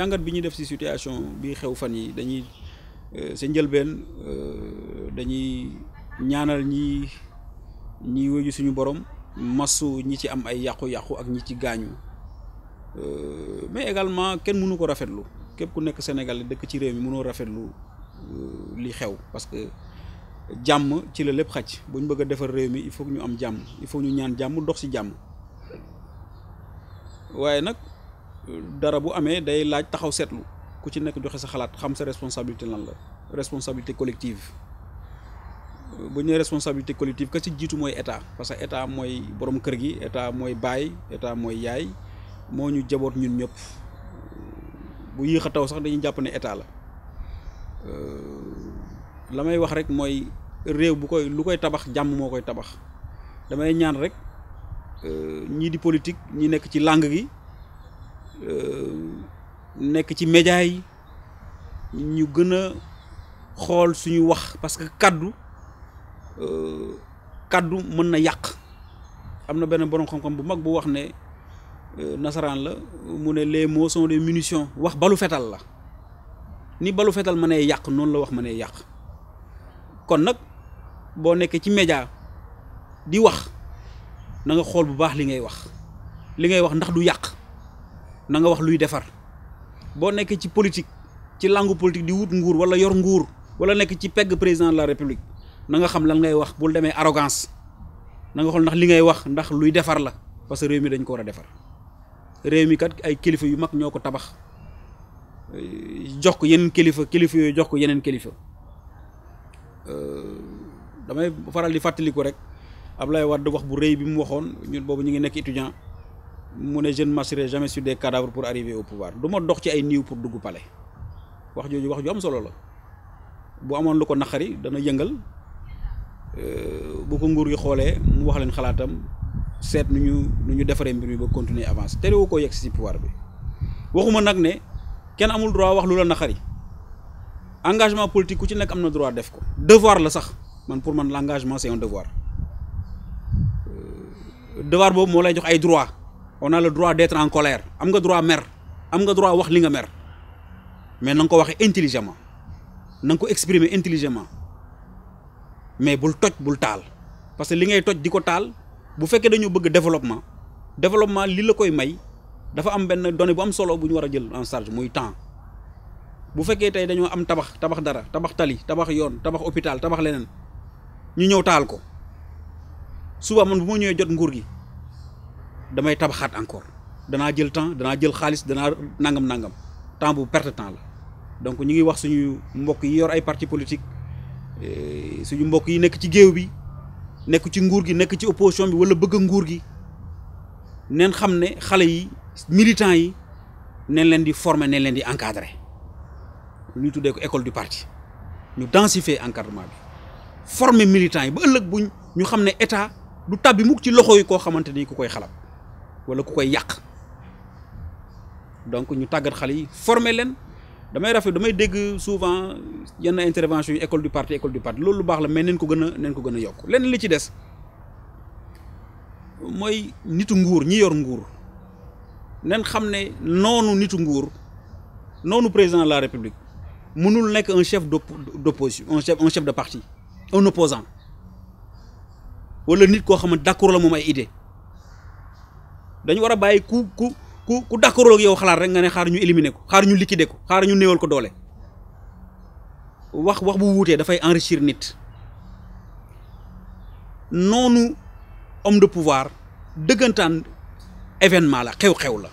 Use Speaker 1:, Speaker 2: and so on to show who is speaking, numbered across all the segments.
Speaker 1: jangat bi ñuy def ci situation bi xew fan yi dañuy euh, sa njëlbeen euh, dañuy ñaanal ñi ñi wëju suñu borom massu ñi ci am ay yaqku yaqku ak ñi ci gaañu euh, mais également kenn mënu ko rafetlu kep ku nekk Sénégal dëkk ci réew mi mënu rafetlu li xew parce que jam ci la lepp xaj buñ bëgg défar réew mi il faut ñu am jam il faut ñu ñaan jam dox ci jam waye nak dara bu amé day laaj taxaw sétlu ku ci nek joxe sa xalaat xam sa responsabilité lan la responsabilité collective bu ñe responsabilité collective ka ci jitu moy état parce que état moy borom kër gi état moy bay état moy yaay moo ñu jaboot ñun ñëpp bu yi xataw sax dañuy japp né état la euh lamay wax rek moy réew bu koy lu koy tabax jamm mo koy tabax damay ñaan rek ñi di politique ñi nek ci langue gi Euh, nekk ci média yi ñu gën a xool suñu wax parce que kaddu euh, kaddu mën na yàq am na benn borom xam-xam bu mag bu wax ne euh, nasaraan la mu ne les mots sont des wax balu fetal la ni balu fetal mënee yàq noonu la wax mënee yàq kon nag boo nekkee ci média di wax nanga xool bu baax li ngay wax li ngay wax ndax du yàq. na nga wax luy defar bo politik, ci politique ci langue politique di wut nguur wala yor nguur wala nek ci pegg président de la république na nga xam lan ngay wax bul démé arrogance na nga xol ndax li ngay wax ndax luy defar la parce que réew mi dañ ko wara defar mi kat ay kilifa yu mag ñoko tabax jox ko yenen kilifa kilifa yu jox ko yenen kilifa damay faral di fàttaliku rek ablay wad wax bu rëy bi mu ñun bobu ñi ngi nek étudiant mu ne je ne marcherai jamais sur des cadavres pour arriver au pouvoir du ma dox ci ay niiw pour dugg palais wax jooju wax ju am solo la bu amoon lu ko naqari dana yëngal euh, bu ko nguur gi xoolee mu wax leen xalaatam seet nu ñu nu ñu defaree mbir mi ba continuer avance terewu ko yegg si pouvoir bi waxuma nag ne kenn amul droit wax lu la naqari engagement politique ku ci nekk am na droit def ko devoir la sax man pour man l'engagement c'est un devoir euh, devoir boobu moo lay jox ay droit on a le droit d'être en colère am nga droit mer am nga droit wax li nga mer mais na ko intelligemment na ko exprimer intelligemment mais bul toj bul tal. parce que li ngay toj diko tal? bu fekke dañu bëgg développement développement li la koy may dafa am ben donné bu am solo bu ñu war jël en charge muy temps bu fekke tay dañu am tabax tabax dara tabax tali tabax yoon tabax hôpital tabax lenen. ñu ñew tal ko suba man bu ma ñëwee jot nguur gi damay tabaxaat encore danaa jël temps danaa jël xaalis danaa nangam nangam temps bu perte temps la donc ñu ngi wax suñu mbokk yi yor ay parti politique eh, suñu mbokk yi nekk ci géew bi nekk ci nguur gi nekk ci opposition bi wala bëgg nguur gi nen xam ne xale yi militants yi neen leen di former neen leen di encadrer lu ñu tuddee ko école du parti ñu densifier encadrement bi former militants yi ba ëllëg buñ ñu xam ne état du tàbbi mukk ci loxo yi koo xamante ni ku koy xalab wala ku koy yàq donc ñu tàggat xale yi former leen damay rafet damay dégg souvent yenn intervention yi école du parti école du parti loolu lu baax la mais neen ko gën a neen ko gën a yokk li ci des mooy nitu nguur ñi yor nguur nen xam ne noonu nitu nguur noonu président de la république mënul nekk un chef d'opposition un chef un chef de parti un opposant wala nit koo xam ne d'accord la moom ay idée dañu wara bayyi ku ku ku ku d'accord ak yow xalaat rek nga ne xaar ñu éliminer ko xaar ñu liquider ko xaar ñu neewal ko doole wax wax bu wuté da fay enrichir nit nonu homme de pouvoir deugantan événement la xew xew la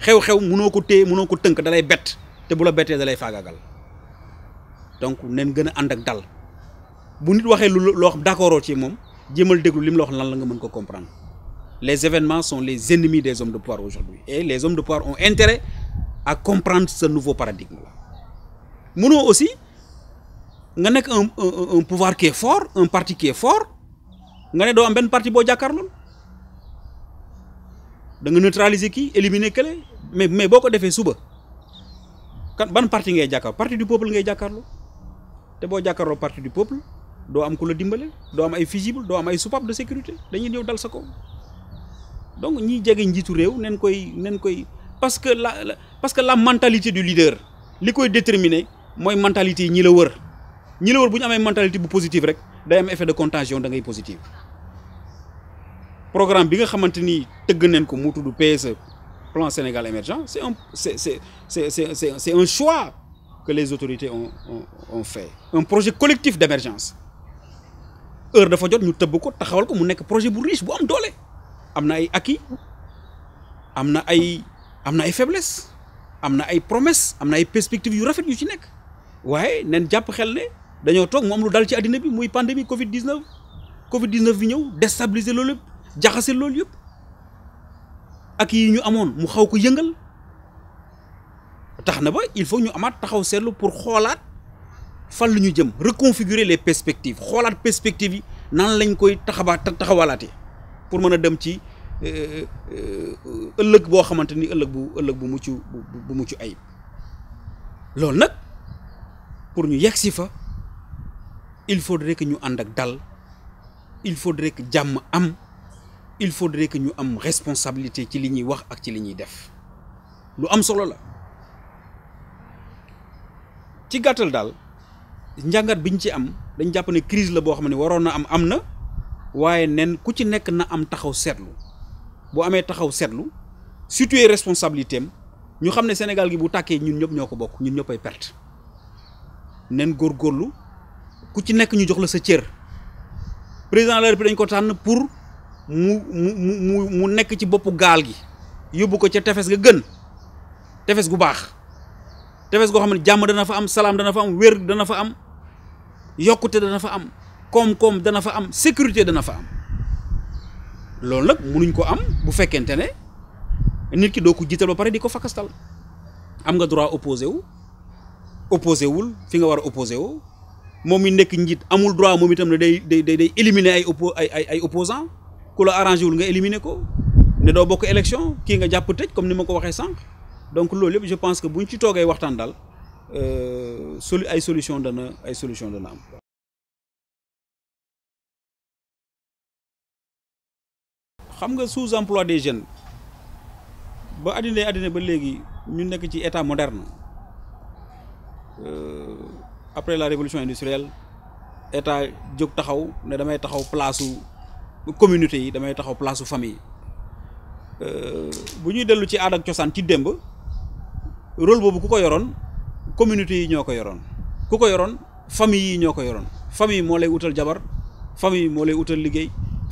Speaker 1: xew xew mëno ko té mëno ko teunk dalay bet té bu la bété dalay fagagal donc nen gëna and ak dal bu nit waxé lo xam d'accordo ci mom jëmal déglu lim lo xam lan la nga ko comprendre les événements sont les ennemis des hommes de pouvoir aujourd'hui. Et les hommes de pouvoir ont intérêt à comprendre ce nouveau paradigme-là. Nous aussi, nous avons un pouvoir qui est fort un parti qui est fort Nous avons une am qui parti pour jàkkaarloon da nga neutraliser qui éliminer qui, mais beaucoup de choses souba. suba kan ban parti ngay jàkkaarloo parti du peuple est jàkkaarloo Le parti du peuple doo am ku doit dimbalé, doo am ay fusible soupape de sécurité dañuy ñëw dal sa donc ñiy jege njiitu réew n'en koy n'en koy parce que la parce que la mentalité du leader li koy déterminer mooy mentalité ni ñi la wër ñi la wër bu mentalité bu positive rek day am effet de contagion da ngay positif. programme bi nga xamante ni tëgg ko mu tudd PSE plan Sénégal émergent c'est un c'est c'est c'est c'est un choix que les autorités ont ont ont fait un projet collectif d'émergence heure dafa jot ñu tëbb ko taxawal ko mu nekk projet bu riche bu am doole. am na ay acquis am na ay am na ay faiblesse am na ay promesse am na ay perspectives yu rafet yu ci nekk waaye nen jàpp xel ne dañoo toog mu am lu dal ci àddina bi muy pandémie Covid 19 Covid 19 bi ñëw déstabiliser loolu yëpp jaxase loolu yëpp ak yi ñu amoon mu xaw ko yëngal tax na ba il faut ñu amaat taxaw seetlu pour xoolaat fan lu ñu jëm reconfigurer les perspectives xoolaat perspectives yi nan lañ koy taxabaat taxawalaatee. pour mëna dem ci euh, euh, ëllëg bu ëllëg bu muccu bu muccu ayib lool nak pour ñu yexsi fa il faudrait que ñu and ak dal il faudrait que jamm am il faudrait que ñu am responsabilité ci li ñuy wax ak ci li ñuy def lu am solo la ci gàttal dal njangat biñ ci am dañ japp ne crise la bo xam warona am amna waaye nen ku ci nekk na am taxaw seetlu bu amee taxaw seetlu situer responsabilité am ñu xam ne Sénégal gi bu tàkkee ñun ñëpp ñoo ko bokk ñun ñëpp ay perte nen góorlu ku ci nekk ñu jox la sa cër président de la République dañ ko tànn pour mu mu mu mu nekk ci boppu gaal gi yóbbu ko ca tefes ga gën tefes gu baax tefes goo xam ne jàmm dana fa am salaam dana fa am wér dana fa am yokkute dana fa am Comme koom dana fa am sécurité dana fa am loolu nag munuñ ko am bu fekkente ne nit ki doo ko jiital ba pare diko fakastal am nga droit opposé wu opposé wul fi nga war opposé wu moom mi nekk amul droit momi tam ne day day day éliminer ay oppo ay ay opposant ku la wul nga éliminer ko ne do bokk élection ki nga japp tej comme nima ko waxee sank donc loolu je pense que buñ ci toogee d'al. daal euh, solu ay solution dana ay solution dana am xam nga sous emploi des jeunes ba addina addina ba léegi ñu nekk ci état moderne euh, après la révolution industrielle état jóg taxaw ne damay taxaw place su communauté yi damay taxaw place su famille euh, bu ñuy dellu ci aada ak cosaan ci démb rôle boobu ku ko yoroon communauté yi ñoo ko yoroon ku ko yoroon famille yi ñoo ko yoroon famille moo lay utal jabar famille moo lay utal liggéey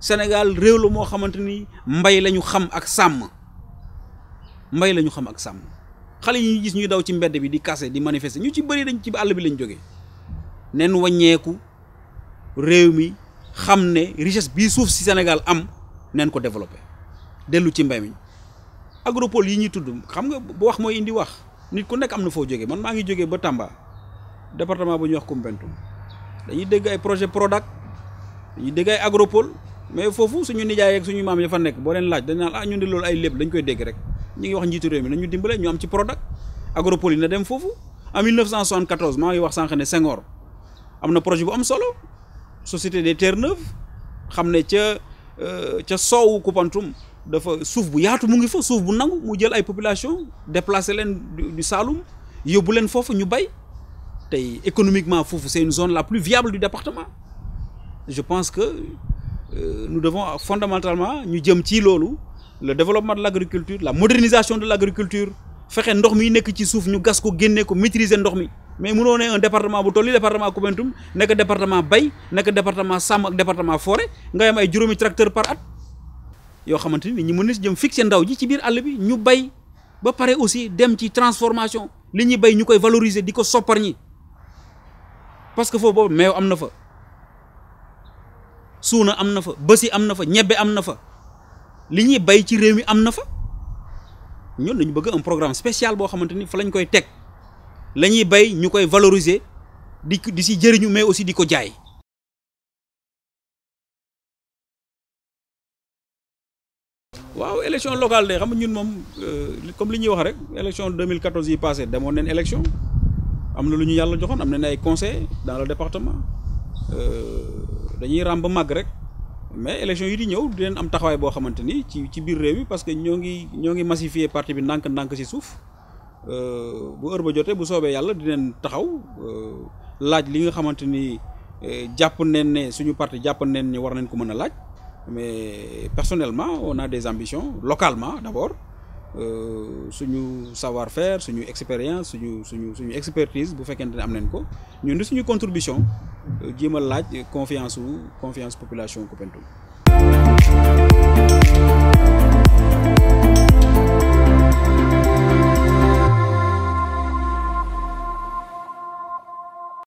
Speaker 1: senegal rew lu mo xamanteni mbay lañu xam ak sam mbay lañu xam ak sam xali yi gis ñuy daw ci mbedd bi di kase di manifester ñu ci bari dañ ci àll bi lañ joggé nen wañéku rew mi xamné richesse bi suuf ci senegal am nen ko développer delu ci mbay mi agropole yi ñi tudd xam nga bu wax moy indi wax nit ku nek amna fo joggé man ma ngi joggé ba Tamba département bu ñu wax Koumpentoum dañuy dégg ay projet product dañuy dégg ay agropole mais fofu suñu nijaay ak suñu mam ya fa nek bo len laaj dañ naan ah ñu ne loolu ay lepp dañ koy dégg rek ñu ngi wax njiitu réew mi nañu dimbale ñu am ci product Agropoli na dem fofu en 1974 ma ngi wax sànq ne Senghor am na projet bu am solo société des terres neuves xam ne ci euh, ca soowu Koupantoum dafa souf bu yaatu mu ngi fa souf bu nangu mu jël ay population déplacé len du Saloum yóbbu len fofu ñu bay tay économiquement fofu c'est une zone la plus viable du département je pense que euh, nous devons fondamentalement ñu jëm ci loolu le développement de l'agriculture, la modernisation de l'agriculture Faire un ndox mi nekk ci suuf ñu gas ko génne ko maîtriser ndox mi mais ne un département bu le département Koupentoum nekk département bay nekk département Sam, ak département forêt nous avons ay juróomi tracteur par at yoo xamante ni ñu nous Nous jëm fixer ndaw ji ci biir nous bi ñu bay ba pare aussi dem ci transformation li bay nous valoriser nous devons parce que faut boobu meew am suuna am na fa bësi am na fa ñebbe am na fa li ñuy bay ci réew mi am na fa ñun dañu bëgg un programme spécial boo xamante ni fa lañ koy teg la ñuy bay ñu koy valoriser di di si jëriñu mais aussi di ko jaay. waaw élection locale de xam nga ñun moom euh, comme li ñuy wax rek élection 2014 yi passé demoon neen élection am na lu ñu yàlla joxoon am nañ ay conseil dans le département. Euh, dañuy ram mag rek mais élection yi di ñëw dinañ am taxawaay boo xamante ni ci ci biir réew mi parce que ñoo ngi ñoo ngi massifier parti bi ndank ndànk si suuf euh, bu heure ba jotee bu soobee yàlla dinañ taxaw euh, laaj li nga xamante ni euh, jàpp neen ne suñu parti jàpp neen ne war nañ ko mën a laaj mais personnellement on a des ambitions localement d'abord suñu savoir-faire suñu expérience suñu suñu suñu expertise bu fekkente ne am nañ ko ñun di suñu contribution jéem a laaj confiance ou confiance population Koupentoum